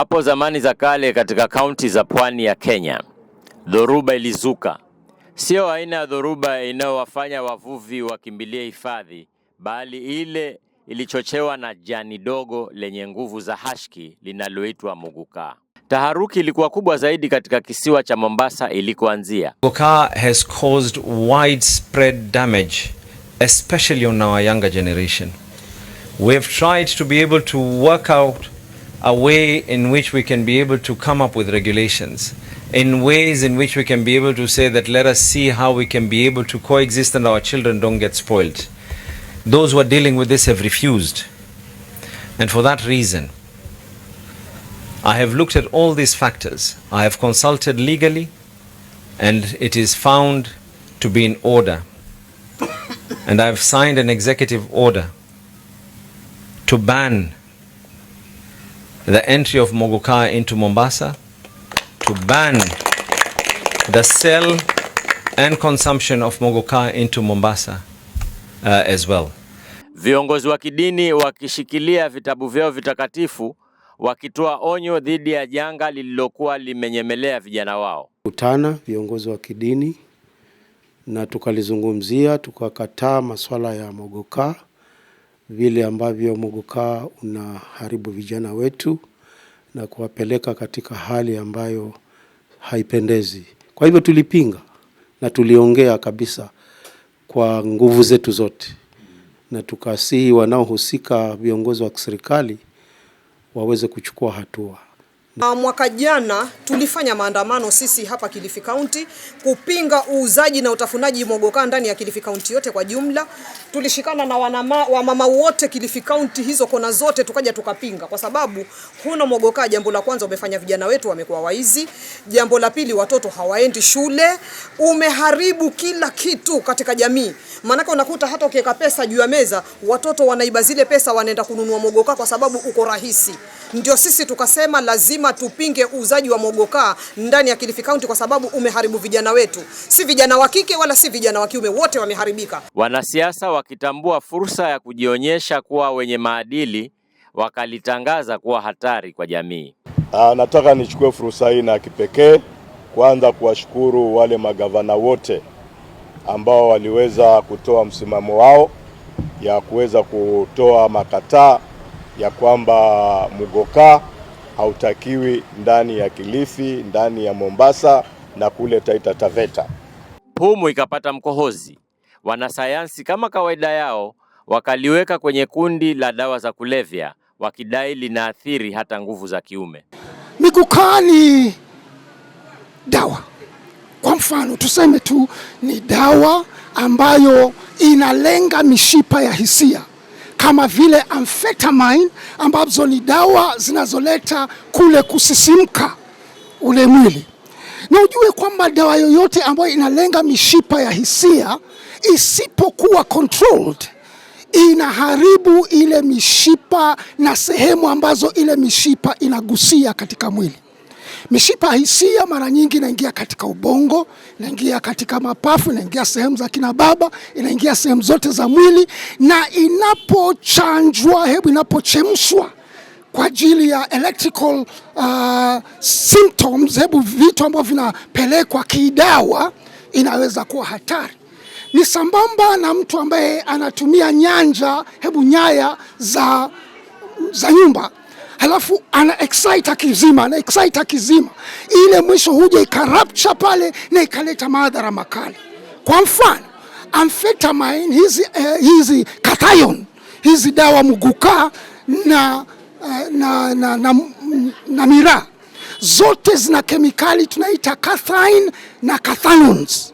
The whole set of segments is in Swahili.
Hapo zamani za kale katika kaunti za pwani ya Kenya, dhoruba ilizuka. Sio aina ya dhoruba inayowafanya wavuvi wakimbilie hifadhi, bali ile ilichochewa na jani dogo lenye nguvu za hashki linaloitwa muguka. Taharuki ilikuwa kubwa zaidi katika kisiwa cha Mombasa ilikoanzia. Muguka has caused widespread damage especially on our younger generation. have tried to be able to work out a way in which we can be able to come up with regulations, in ways in which we can be able to say that let us see how we can be able to coexist and our children don't get spoiled. Those who are dealing with this have refused. And for that reason, I have looked at all these factors. I have consulted legally, and it is found to be in order. and I have signed an executive order to ban the entry of Mogoka into Mombasa to ban the sale and consumption of Mogoka into Mombasa uh, as well. Viongozi wa kidini wakishikilia vitabu vyao vitakatifu wakitoa onyo dhidi ya janga lililokuwa limenyemelea vijana wao. Kutana viongozi wa kidini na tukalizungumzia, tukakataa masuala ya Mogoka vile ambavyo muguka unaharibu vijana wetu na kuwapeleka katika hali ambayo haipendezi. Kwa hivyo tulipinga na tuliongea kabisa kwa nguvu zetu zote, na tukasihi wanaohusika, viongozi wa kiserikali waweze kuchukua hatua. Na mwaka jana tulifanya maandamano sisi hapa Kilifi County kupinga uuzaji na utafunaji mogoka ndani ya Kilifi County yote kwa jumla. Tulishikana na wanama, wamama wote Kilifi County hizo kona zote, tukaja tukapinga, kwa sababu huna mogoka. Jambo la kwanza umefanya vijana wetu wamekuwa waizi. Jambo la pili watoto hawaendi shule. Umeharibu kila kitu katika jamii, maanake unakuta hata ukiweka pesa juu ya meza watoto wanaiba zile pesa, wanaenda kununua mogoka kwa sababu uko rahisi. Ndio sisi tukasema lazima lazima tupinge uuzaji wa mogoka ndani ya Kilifi County kwa sababu umeharibu vijana wetu, si vijana wa kike wala si vijana wa kiume, wote wameharibika. Wanasiasa wakitambua fursa ya kujionyesha kuwa wenye maadili wakalitangaza kuwa hatari kwa jamii. Aa, ah, nataka nichukue fursa hii na kipekee kwanza kuwashukuru wale magavana wote ambao waliweza kutoa msimamo wao ya kuweza kutoa makataa ya kwamba mugokaa hautakiwi ndani ya Kilifi, ndani ya Mombasa na kule Taita Taveta. Pumu ikapata mkohozi. Wanasayansi kama kawaida yao wakaliweka kwenye kundi la dawa za kulevya, wakidai linaathiri hata nguvu za kiume. Mikukaa ni dawa, kwa mfano tuseme tu ni dawa ambayo inalenga mishipa ya hisia kama vile amphetamine ambazo ni dawa zinazoleta kule kusisimka ule mwili, na ujue kwamba dawa yoyote ambayo inalenga mishipa ya hisia isipokuwa controlled inaharibu ile mishipa na sehemu ambazo ile mishipa inagusia katika mwili. Mishipa hisia mara nyingi inaingia katika ubongo, inaingia katika mapafu, inaingia sehemu za kina baba, inaingia sehemu zote za mwili, na inapochanjwa, hebu inapochemshwa kwa ajili ya electrical uh, symptoms, hebu vitu ambavyo vinapelekwa kidawa, inaweza kuwa hatari ni sambamba na mtu ambaye anatumia nyanja hebu nyaya za, za nyumba halafu ana excite akizima, ana excite akizima, ile mwisho huja ikarapcha pale na ikaleta madhara makali. Kwa mfano amphetamine, hizi, eh, hizi cation hizi dawa muguka na, uh, na, na, na, na miraa zote zina kemikali tunaita cathine na kathalones.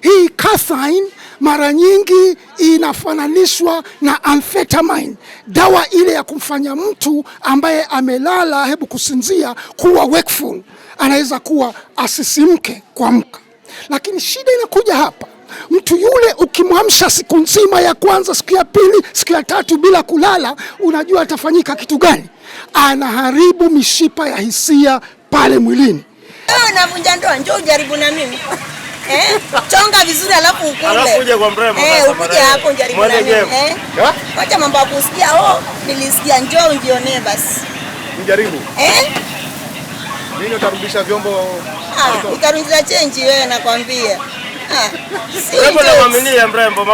Hii cathine mara nyingi inafananishwa na amphetamine, dawa ile ya kumfanya mtu ambaye amelala, hebu kusinzia, kuwa wakeful, anaweza kuwa asisimke kuamka. Lakini shida inakuja hapa mtu yule ukimwamsha siku nzima ya kwanza, siku ya pili, siku ya tatu bila kulala, unajua atafanyika kitu gani? Anaharibu mishipa ya hisia pale mwilini. Unavunja ndoa, njoo ujaribu na mimi eh, chonga vizuri alafu eh, ukuje eh, ukuje hapo eh, mambo ya kusikia oh, nilisikia njoo basi eh, utarudisha vyombo ah, wewe, nakwambia ah,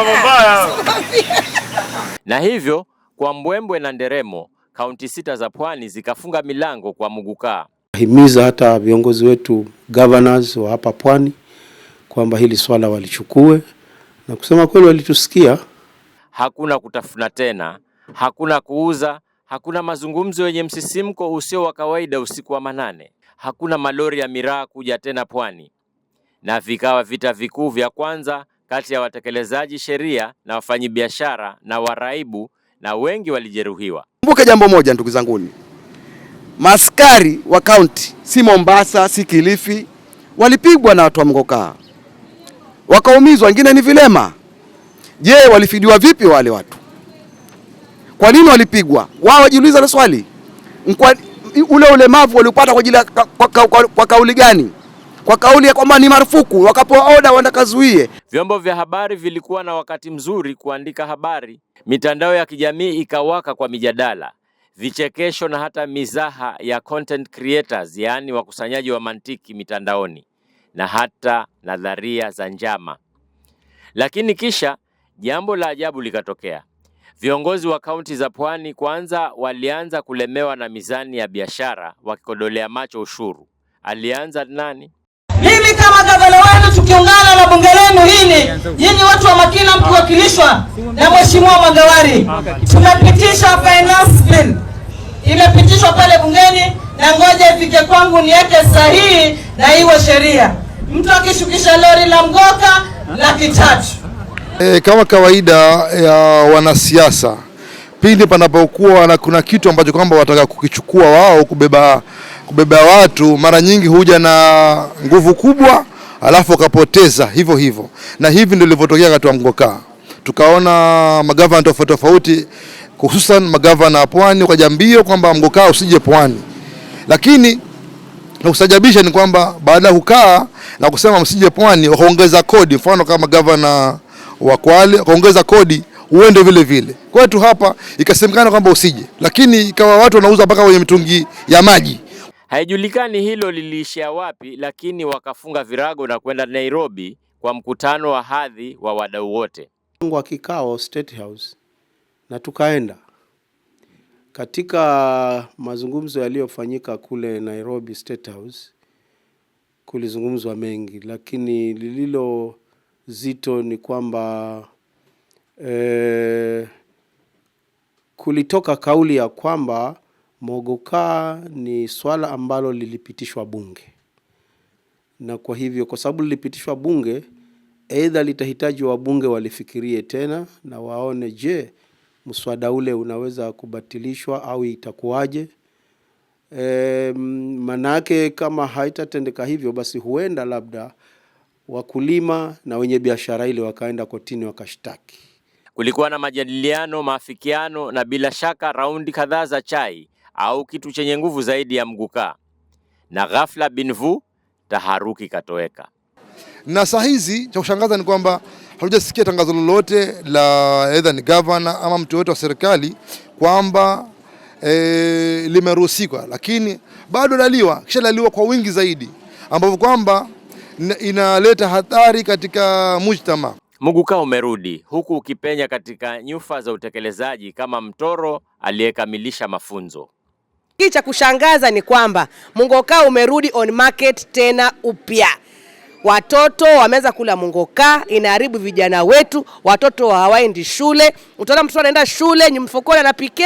ah, Na hivyo kwa mbwembwe na nderemo, kaunti sita za pwani zikafunga milango kwa mugukaa. Himiza hata viongozi wetu governors wa hapa pwani kwamba hili swala walichukue, na kusema kweli walitusikia. Hakuna kutafuna tena, hakuna kuuza, hakuna mazungumzo yenye msisimko usio wa kawaida usiku wa manane, hakuna malori ya miraa kuja tena pwani, na vikawa vita vikuu vya kwanza kati ya watekelezaji sheria na wafanyabiashara na waraibu, na wengi walijeruhiwa. Kumbuke jambo moja, ndugu zanguni, maskari wa kaunti si Mombasa si Kilifi, walipigwa na watu wa mgokaa wakaumizwa, wengine ni vilema. Je, walifidiwa vipi wale watu? Kwa nini walipigwa? Wao wajiuliza na swali ule ulemavu waliupata kwa ajili ya kwa, kwa, kwa, kwa kauli gani? Kwa kauli ya kwamba ni marufuku, wakapewa oda wandakazuie. Vyombo vya habari vilikuwa na wakati mzuri kuandika habari, mitandao ya kijamii ikawaka kwa mijadala, vichekesho na hata mizaha ya content creators, yaani wakusanyaji wa mantiki mitandaoni na hata nadharia za njama. Lakini kisha jambo la ajabu likatokea. Viongozi wa kaunti za pwani kwanza walianza kulemewa na mizani ya biashara, wakikodolea macho ushuru. Alianza nani? Mimi kama gavana wenu tukiungana na bunge lenu hili, nyinyi watu wa Makina mkiwakilishwa na mheshimiwa Magawari, tumepitisha finance bill, imepitishwa pale bungeni na ngoja ifike kwangu niweke sahihi na iwe sheria, mtu akishukisha lori la mgoka laki tatu. E, kama kawaida ya wanasiasa pindi panapokuwa na kuna kitu ambacho kwamba wataka kukichukua wao kubeba kubeba watu, mara nyingi huja na nguvu kubwa alafu wakapoteza hivyo hivyo, na hivi ndio lilivyotokea katika mgoka. Tukaona magavana tofauti tofauti, hususan magavana wa pwani wakaja kwamba mgoka usije pwani lakini na ni kwamba baada ya kukaa na kusema msije pwani, wakaongeza kodi. Mfano kama gavana wa Kwale wakaongeza kodi uende vile vile kwetu hapa, ikasemekana kwamba usije, lakini ikawa watu wanauza mpaka kwenye mitungi ya maji. Haijulikani hilo liliishia wapi, lakini wakafunga virago na kwenda Nairobi kwa mkutano wa hadhi wa wadau wote wa kikao State House, na tukaenda katika mazungumzo yaliyofanyika kule Nairobi State House kulizungumzwa mengi, lakini lililo zito ni kwamba e, kulitoka kauli ya kwamba mogoka ni swala ambalo lilipitishwa bunge, na kwa hivyo kwa sababu lilipitishwa bunge, aidha litahitaji wabunge walifikirie tena na waone je mswada ule unaweza kubatilishwa au itakuwaje? E, manake kama haitatendeka hivyo, basi huenda labda wakulima na wenye biashara ile wakaenda kotini wakashtaki. Kulikuwa na majadiliano, maafikiano na bila shaka raundi kadhaa za chai au kitu chenye nguvu zaidi ya mgukaa, na ghafla binvu taharuki katoweka. Na saa hizi cha kushangaza ni kwamba hatujasikia tangazo lolote la either ni governor ama mtu yoyote wa serikali kwamba e, limeruhusiwa, lakini bado laliwa kisha laliwa kwa wingi zaidi, ambapo kwamba inaleta hatari katika mujtama. Muguka umerudi huku ukipenya katika nyufa za utekelezaji kama mtoro aliyekamilisha mafunzo. kii cha kushangaza ni kwamba muguka umerudi on market tena upya watoto wameweza kula mungoka, inaharibu vijana wetu, watoto hawaendi shule. Utaona mtoto anaenda shule mfukoni na PK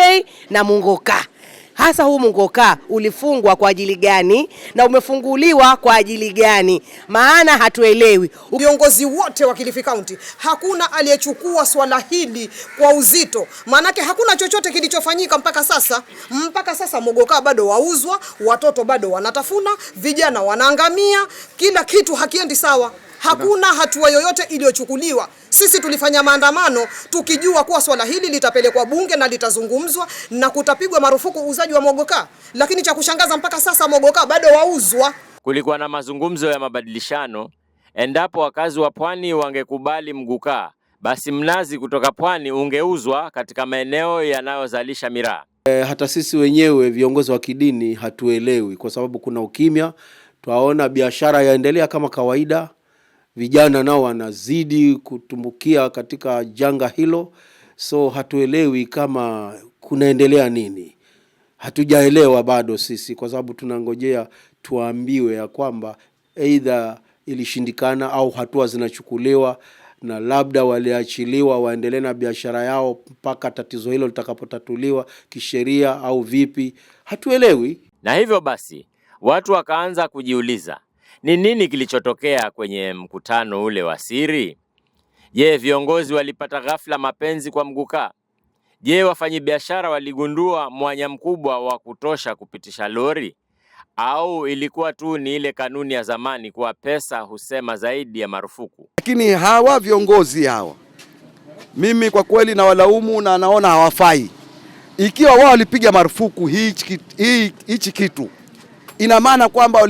na mungokaa hasa huu Mungoka ulifungwa kwa ajili gani na umefunguliwa kwa ajili gani? Maana hatuelewi. Viongozi wote wa Kilifi County hakuna aliyechukua swala hili kwa uzito, maanake hakuna chochote kilichofanyika mpaka sasa. Mpaka sasa Mogoka bado wauzwa, watoto bado wanatafuna, vijana wanaangamia, kila kitu hakiendi sawa. Hakuna hatua yoyote iliyochukuliwa. Sisi tulifanya maandamano tukijua kuwa swala hili litapelekwa bunge na litazungumzwa na kutapigwa marufuku uuzaji wa mogoka, lakini cha kushangaza mpaka sasa mogoka bado wauzwa. Kulikuwa na mazungumzo ya mabadilishano. Endapo wakazi wa pwani wangekubali mgukaa, basi mnazi kutoka pwani ungeuzwa katika maeneo yanayozalisha miraa. E, hata sisi wenyewe viongozi wa kidini hatuelewi, kwa sababu kuna ukimya. Twaona biashara yaendelea kama kawaida vijana nao wanazidi kutumbukia katika janga hilo, so hatuelewi kama kunaendelea nini, hatujaelewa bado sisi, kwa sababu tunangojea tuambiwe ya kwamba aidha ilishindikana au hatua zinachukuliwa na labda waliachiliwa waendelee na biashara yao mpaka tatizo hilo litakapotatuliwa kisheria au vipi, hatuelewi. Na hivyo basi watu wakaanza kujiuliza ni nini kilichotokea kwenye mkutano ule wa siri? Je, viongozi walipata ghafla mapenzi kwa mguka? Je, wafanyabiashara waligundua mwanya mkubwa wa kutosha kupitisha lori? Au ilikuwa tu ni ile kanuni ya zamani kuwa pesa husema zaidi ya marufuku? Lakini hawa viongozi hawa, mimi kwa kweli nawalaumu na naona hawafai. Ikiwa wao walipiga marufuku hichi kitu ina maana kwamba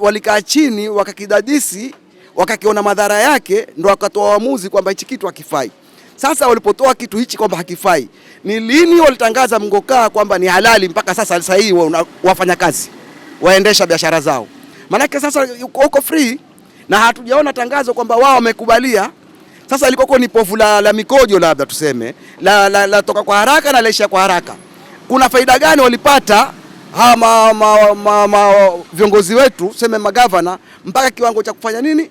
walikaa chini wakakidadisi, wakakiona madhara yake, ndo wakatoa uamuzi kwamba hichi kitu hakifai. Sasa walipotoa kitu hichi kwamba hakifai, ni lini walitangaza mgokaa kwamba ni halali? Mpaka sasa sasa hii wafanya kazi waendesha biashara zao, maanake sasa uko free na hatujaona tangazo kwamba wao wamekubalia. Sasa ilikoko ni pofu la, la mikojo labda tuseme la, la, la toka kwa haraka na laisha kwa haraka. Kuna faida gani walipata? hama ma, ma, ma, viongozi wetu seme magavana mpaka kiwango cha kufanya nini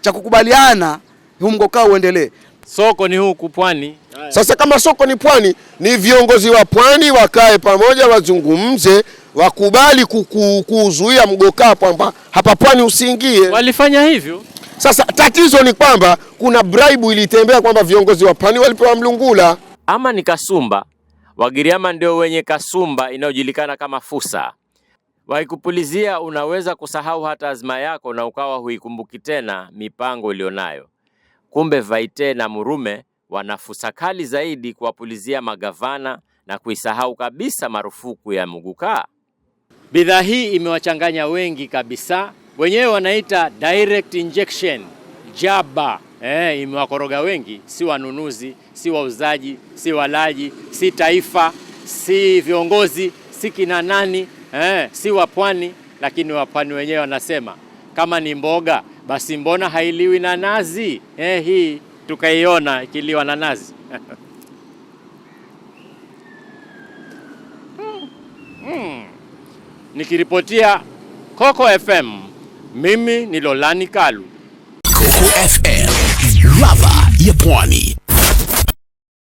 cha kukubaliana huu mgokao uendelee. Soko ni huku pwani. Sasa kama soko ni pwani, ni viongozi wa pwani wakae pamoja, wazungumze, wakubali kuzuia mgokaa kwamba hapa pwani usiingie. Walifanya hivyo. Sasa tatizo ni kwamba kuna bribe ilitembea kwamba viongozi wa pwani walipewa mlungula, ama ni kasumba Wagiriama ndio wenye kasumba inayojulikana kama fusa. Waikupulizia unaweza kusahau hata azma yako na ukawa huikumbuki tena mipango ulionayo. Kumbe Vaite na Murume wana fusa kali zaidi kuwapulizia magavana na kuisahau kabisa marufuku ya Muguka. Bidhaa hii imewachanganya wengi kabisa, wenyewe wanaita direct injection jaba eh, imewakoroga wengi, si wanunuzi, si wauzaji, si walaji, si taifa, si viongozi, si kina nani eh, si wapwani. Lakini wapwani wenyewe wanasema kama ni mboga basi mbona hailiwi na nazi eh? Hii tukaiona ikiliwa na nazi mm. Mm. Nikiripotia Coco FM, mimi ni Lolani Kalu, Coco FM ladha ya pwani.